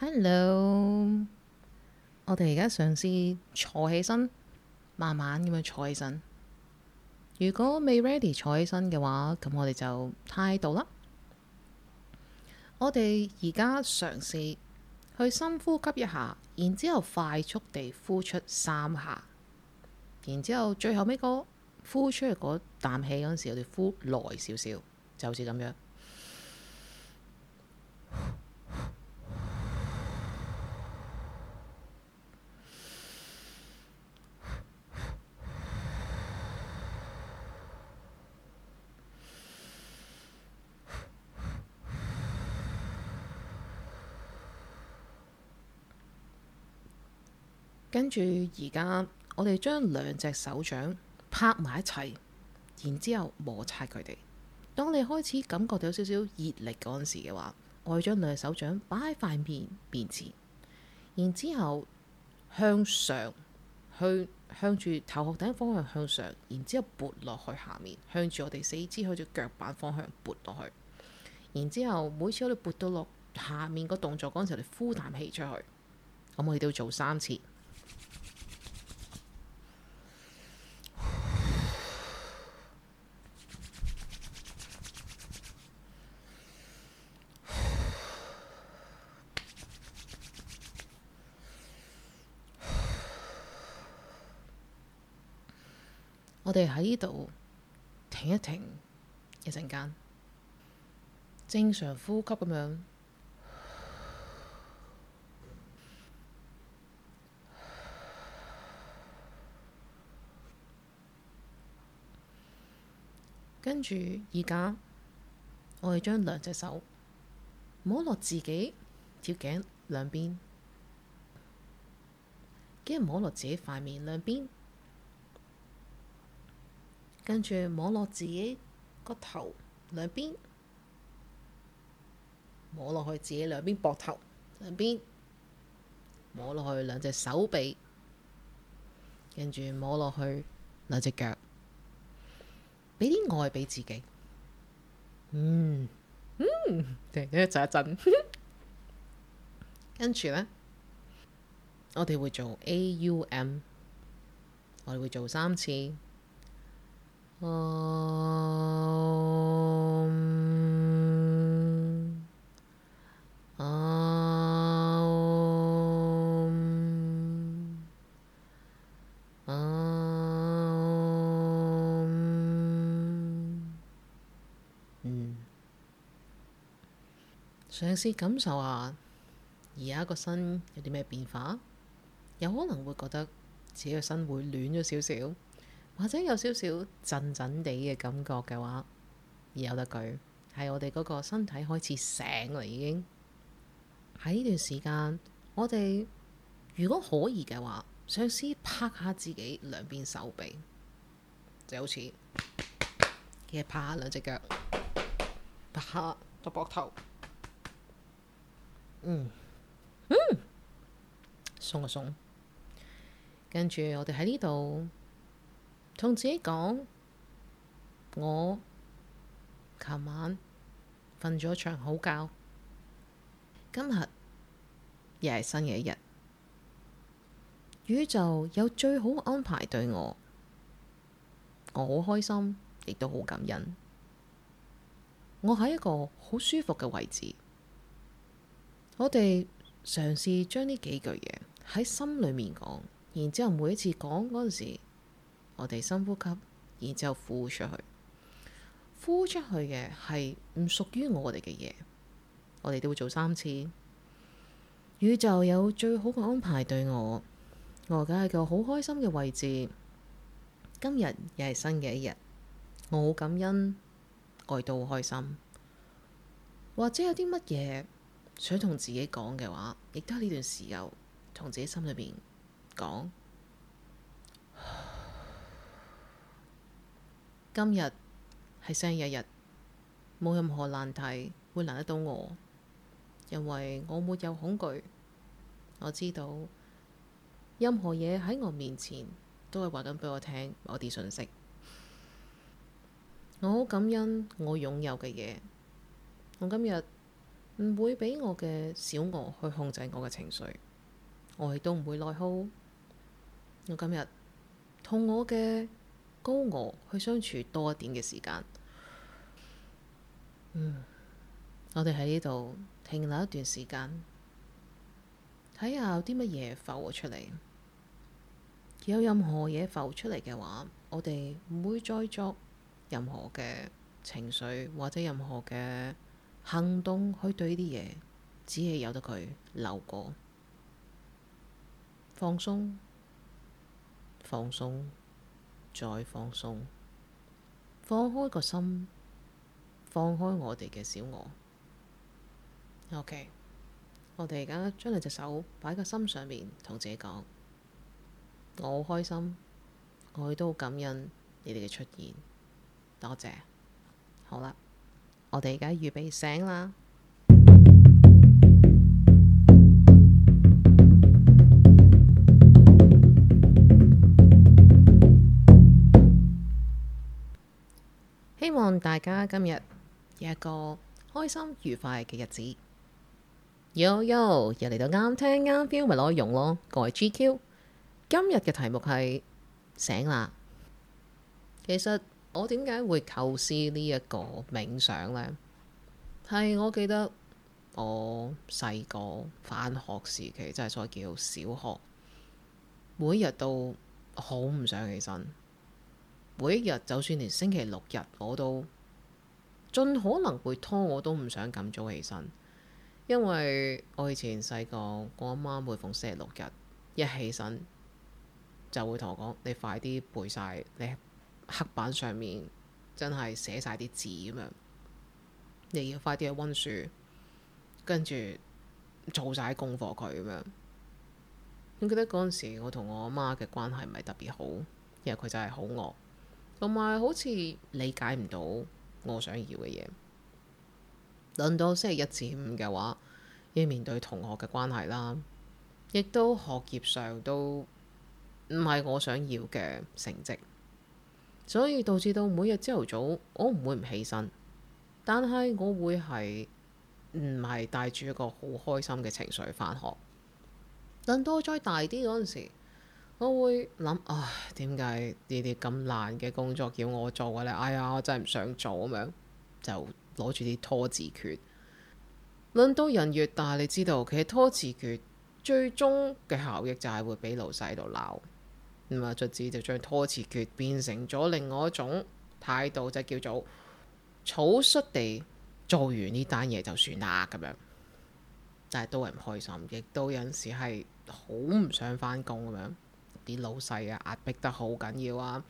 Hello，我哋而家嘗試坐起身，慢慢咁樣坐起身。如果未 ready 坐起身嘅話，咁我哋就態度啦。我哋而家嘗試去深呼吸一下，然之後快速地呼出三下，然之後最後尾嗰個呼出嘅嗰啖氣嗰陣時，我哋呼耐少少，就似咁樣。跟住而家，我哋將兩隻手掌拍埋一齊，然之後摩擦佢哋。當你開始感覺到有少少熱力嗰陣時嘅話，我會將兩隻手掌擺喺塊面面前，然之後向上去向住頭殼頂方向向上，然之後撥落去下面，向住我哋四肢向住腳板方向撥落去。然之後每次我哋撥到落下面個動作嗰陣時，我哋呼啖氣出去。咁我哋都要做三次。我哋喺呢度停一停一陣間，正常呼吸咁樣，跟住而家我哋將兩隻手摸落自己條頸兩邊，跟住摸落自己塊面兩邊。跟住摸落自己個頭兩邊，摸落去自己兩邊膊頭兩邊，摸落去兩隻手臂，跟住摸落去兩隻腳，俾啲愛俾自己。嗯嗯，停一陣一陣，跟 住呢，我哋會做 AUM，我哋會做三次。Um, um, um, 嗯，嘗試感受下而家個身有啲咩變化？有可能會覺得自己個身會暖咗少少。或者有少少震震地嘅感覺嘅話，而有得佢，係我哋嗰個身體開始醒啦，已經喺呢段時間，我哋如果可以嘅話，想試拍下自己兩邊手臂，就好似嘅拍下兩隻腳，拍下個膊頭，嗯嗯，鬆一鬆，跟住我哋喺呢度。同自己講，我琴晚瞓咗場好覺，今日又係新嘅一日，宇宙有最好安排對我，我好開心，亦都好感恩。我喺一個好舒服嘅位置，我哋嘗試將呢幾句嘢喺心裏面講，然之後每一次講嗰陣時。我哋深呼吸，然之後呼，呼出去。呼，呼出去嘅係唔屬於我哋嘅嘢，我哋都會做三次。宇宙有最好嘅安排對我，我梗係個好開心嘅位置。今日又係新嘅一日，我好感恩，我亦都好開心。或者有啲乜嘢想同自己講嘅話，亦都喺呢段時候同自己心裏邊講。今日係生日日，冇任何難題會難得到我，因為我沒有恐懼。我知道任何嘢喺我面前都係話緊俾我聽某啲訊息。我好感恩我擁有嘅嘢。我今日唔會俾我嘅小我去控制我嘅情緒，我亦都唔會內耗。我今日同我嘅。高我去相處多一點嘅時間，嗯，我哋喺呢度停留一段時間，睇下有啲乜嘢浮出嚟。有任何嘢浮出嚟嘅話，我哋唔會再作任何嘅情緒或者任何嘅行動去對呢啲嘢，只係由得佢流過，放鬆，放鬆。再放鬆，放開個心，放開我哋嘅小我。O.K. 我哋而家將你隻手擺喺個心上面，同自己講：我好開心，我亦都好感恩你哋嘅出現，多謝。好啦，我哋而家預備醒啦。大家今日有一個開心愉快嘅日子。Yo yo 又嚟到啱聽啱 feel，咪攞用咯。各位 GQ，今日嘅題目係醒吖。其實我點解會構思呢一個冥想呢？係我記得我細個返學時期，即係所謂叫小學，每日都好唔想起身。每一日，就算連星期六日，我都盡可能會拖，我都唔想咁早起身。因為我以前細個，我阿媽每逢星期六日一起身就會同我講：你快啲背晒你喺黑板上面真係寫晒啲字咁樣，你要快啲去溫書，跟住做晒功課佢咁樣。我記得嗰陣時我同我阿媽嘅關係唔係特別好，因為佢就係好惡。同埋好似理解唔到我想要嘅嘢，輪到星期一至五嘅話，要面對同學嘅關係啦，亦都學業上都唔係我想要嘅成績，所以導致到每日朝頭早我唔會唔起身，但係我會係唔係帶住一個好開心嘅情緒返學，輪到我再大啲嗰陣時。我會諗，唉，點解呢啲咁難嘅工作叫我做咧？哎呀，我真係唔想做咁樣，就攞住啲拖字訣。諗到人越大，你知道，其實拖字訣最終嘅效益就係會俾老細喺度鬧。咁啊，卒之就將拖字訣變成咗另外一種態度，就叫做草率地做完呢單嘢就算啦咁樣。但係都係唔開心，亦都有陣時係好唔想返工咁樣。啲老細啊，壓迫得好緊要啊，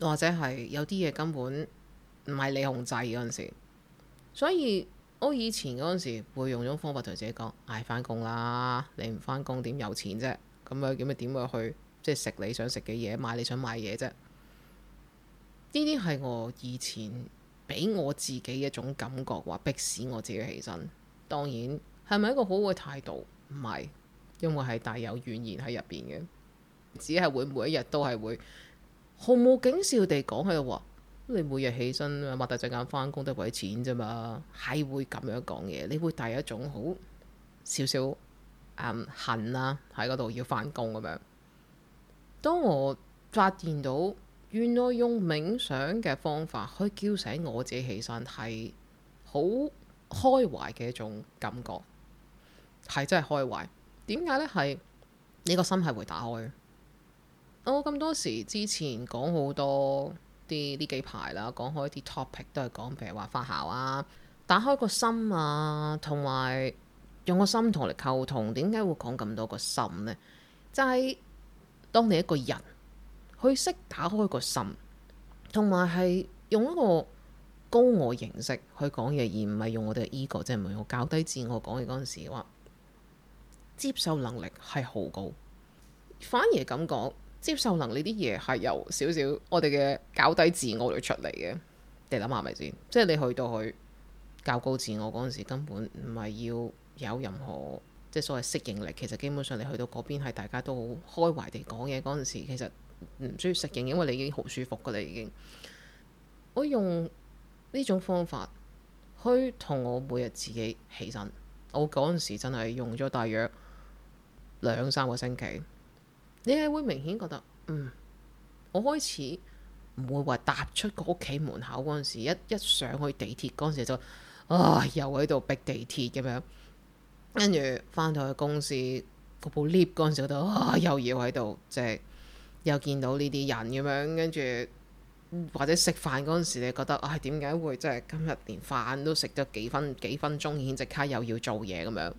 或者係有啲嘢根本唔係你控制嗰陣時，所以我以前嗰陣時會用種方法同自己講，唉、啊，翻工啦，你唔翻工點有錢啫？咁啊，咁啊，點啊去即係食你想食嘅嘢，買你想買嘢啫？呢啲係我以前俾我自己一種感覺，話逼使我自己起身。當然係咪一個好好嘅態度？唔係，因為係大有怨言喺入邊嘅。只係會每一日都係會毫無警兆地講喺度話。你每日起身擘大隻眼翻工都係為錢啫嘛，係會咁樣講嘢。你會帶一種好少少誒、嗯、恨啦喺嗰度要翻工咁樣。當我發現到原來用冥想嘅方法去叫醒我自己起身，係好開懷嘅一種感覺，係真係開懷。點解呢？係你個心係會打開。我咁、哦、多時之前講好多啲呢幾排啦，講開啲 topic 都係講，譬如話發姣啊，打開個心啊，同埋用個心同我哋溝通。點解會講咁多個心呢？就係、是、當你一個人去以識打開個心，同埋係用一個高我形式去講嘢，而唔係用我哋嘅 ego，即係唔係我搞低自我講嘢嗰陣時話，接受能力係好高，反而感覺。接受能力啲嘢係由少少，我哋嘅搞低自我嚟出嚟嘅，你諗下咪先？即係你去到去較高自我嗰陣時，根本唔係要有任何即係所謂適應力。其實基本上你去到嗰邊係大家都好開懷地講嘢嗰陣時，其實唔需要適應，因為你已經好舒服嘅啦。你已經我用呢種方法去同我每日自己起身，我嗰陣時真係用咗大約兩三個星期。你係會明顯覺得，嗯，我開始唔會話踏出個屋企門口嗰陣時，一一上去地鐵嗰陣時就啊，又喺度逼地鐵咁樣，跟住返到去公司個部 lift 嗰陣時覺得啊，又要喺度即係又見到呢啲人咁樣，跟住或者食飯嗰陣時你覺得啊，點解會即係今日連飯都食咗幾分幾分鐘，已即刻又要做嘢咁樣？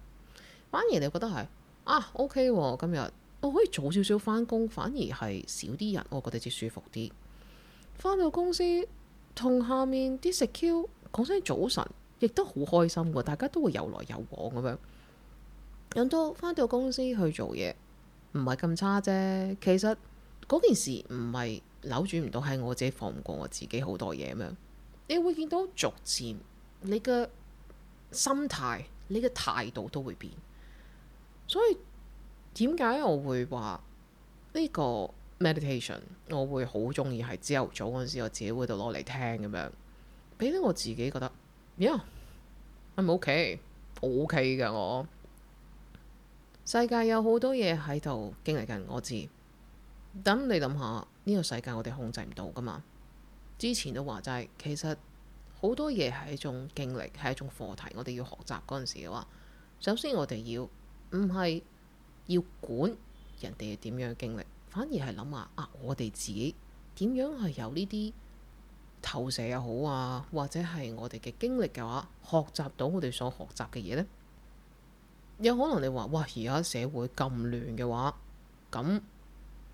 反而你覺得係啊，OK 喎，哦，今日。我可以早少少返工，反而係少啲人，我覺得至舒服啲。返到公司同下面啲食 Q 講聲早晨，亦都好開心噶，大家都會有來有往咁樣。引到翻到公司去做嘢，唔係咁差啫。其實嗰件事唔係扭轉唔到，係我自己放唔過我自己好多嘢咁樣。你會見到逐漸你嘅心態、你嘅態度都會變，所以。點解我會話呢個 meditation？我會好中意係朝頭早嗰陣時，我自己會度攞嚟聽咁樣，俾得我自己覺得呀係咪 OK？OK 嘅我世界有好多嘢喺度經歷緊，我知。等你諗下呢個世界，我哋控制唔到噶嘛？之前都話就係其實好多嘢係一種經歷，係一種課題。我哋要學習嗰陣時嘅話，首先我哋要唔係。要管人哋係點樣經歷，反而係諗下啊！我哋自己點樣係有呢啲投射又好啊，或者係我哋嘅經歷嘅話，學習到我哋所學習嘅嘢呢？有可能你話哇！而家社會咁亂嘅話，咁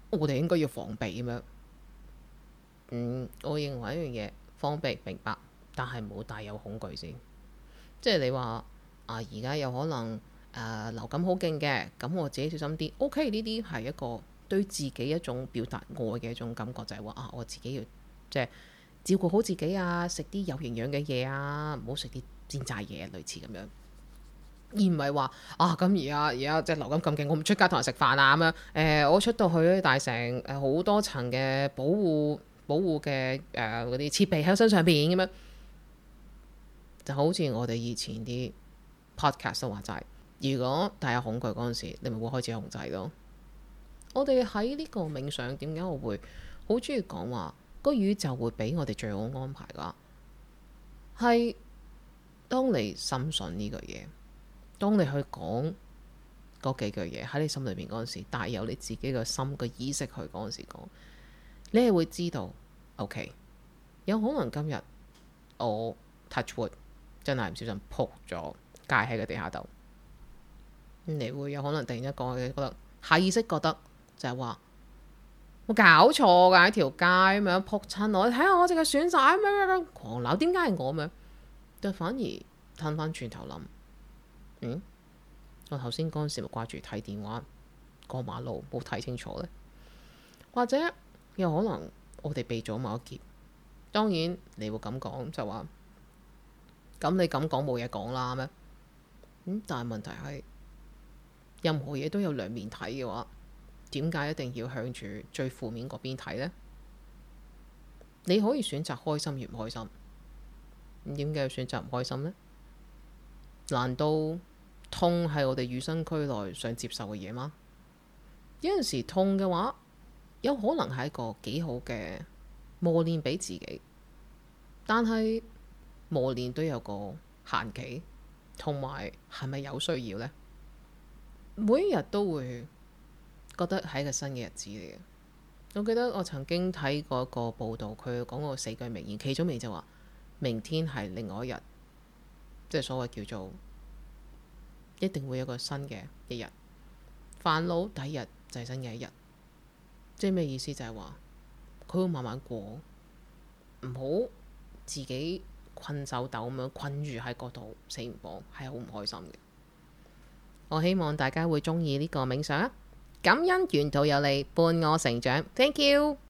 我哋應該要防備咁樣。嗯，我認為一樣嘢防備明白，但係唔好帶有恐懼先。即係你話啊，而家有可能。誒、呃、流感好勁嘅，咁、嗯、我自己小心啲。O K，呢啲係一個對自己一種表達愛嘅一種感覺，就係、是、話啊，我自己要即係、就是、照顧好自己啊，食啲有營養嘅嘢啊，唔好食啲煎炸嘢啊，類似咁樣。而唔係話啊，咁而家而家即係流感咁勁，我唔出街同人食飯啊咁樣。誒、嗯呃，我出到去，帶成誒好多層嘅保護保護嘅誒嗰啲設備喺我身上邊咁樣，就好似我哋以前啲 podcast 都話齋。如果大家恐懼嗰陣時，你咪會開始控制咯。我哋喺呢個冥想，點解我會好中意講話？個宇宙會俾我哋最好安排噶，係當你深信呢句嘢，當你去講嗰幾句嘢喺你心裏面嗰陣時，帶有你自己個心個意識去嗰陣時講，你係會知道。OK，有可能今日我 touch wood 真係唔小心撲咗街喺個地下度。你會有可能突然一講，你覺得下意識覺得就係話我搞錯㗎喺條街咁樣撲親我，睇下我隻腳損曬咩咩咩，狂鬧點解係我咁樣？但反而攤翻轉頭諗，嗯，我頭先嗰陣時咪掛住睇電話過馬路，冇睇清楚咧，或者有可能我哋避咗某一劫。當然你會咁講，就話、是、咁你咁講冇嘢講啦咩？咁、嗯、但係問題係。任何嘢都有兩面睇嘅話，點解一定要向住最負面嗰邊睇呢？你可以選擇開心與唔開心，咁點解要選擇唔開心呢？難道痛係我哋與生俱來想接受嘅嘢嗎？有陣時痛嘅話，有可能係一個幾好嘅磨練俾自己，但係磨練都有個限期，同埋係咪有需要呢？每一日都會覺得係一個新嘅日子嚟嘅。我記得我曾經睇過一個報道，佢講過四句名言，其中名就話：明天係另外一日，即係所謂叫做一定會有個新嘅一日。煩惱第一日就係新嘅一日，即係咩意思？就係話佢會慢慢過，唔好自己困手抖咁樣困住喺嗰度死唔放，係好唔開心嘅。我希望大家會中意呢個冥想啊！感恩沿途有你伴我成長，Thank you。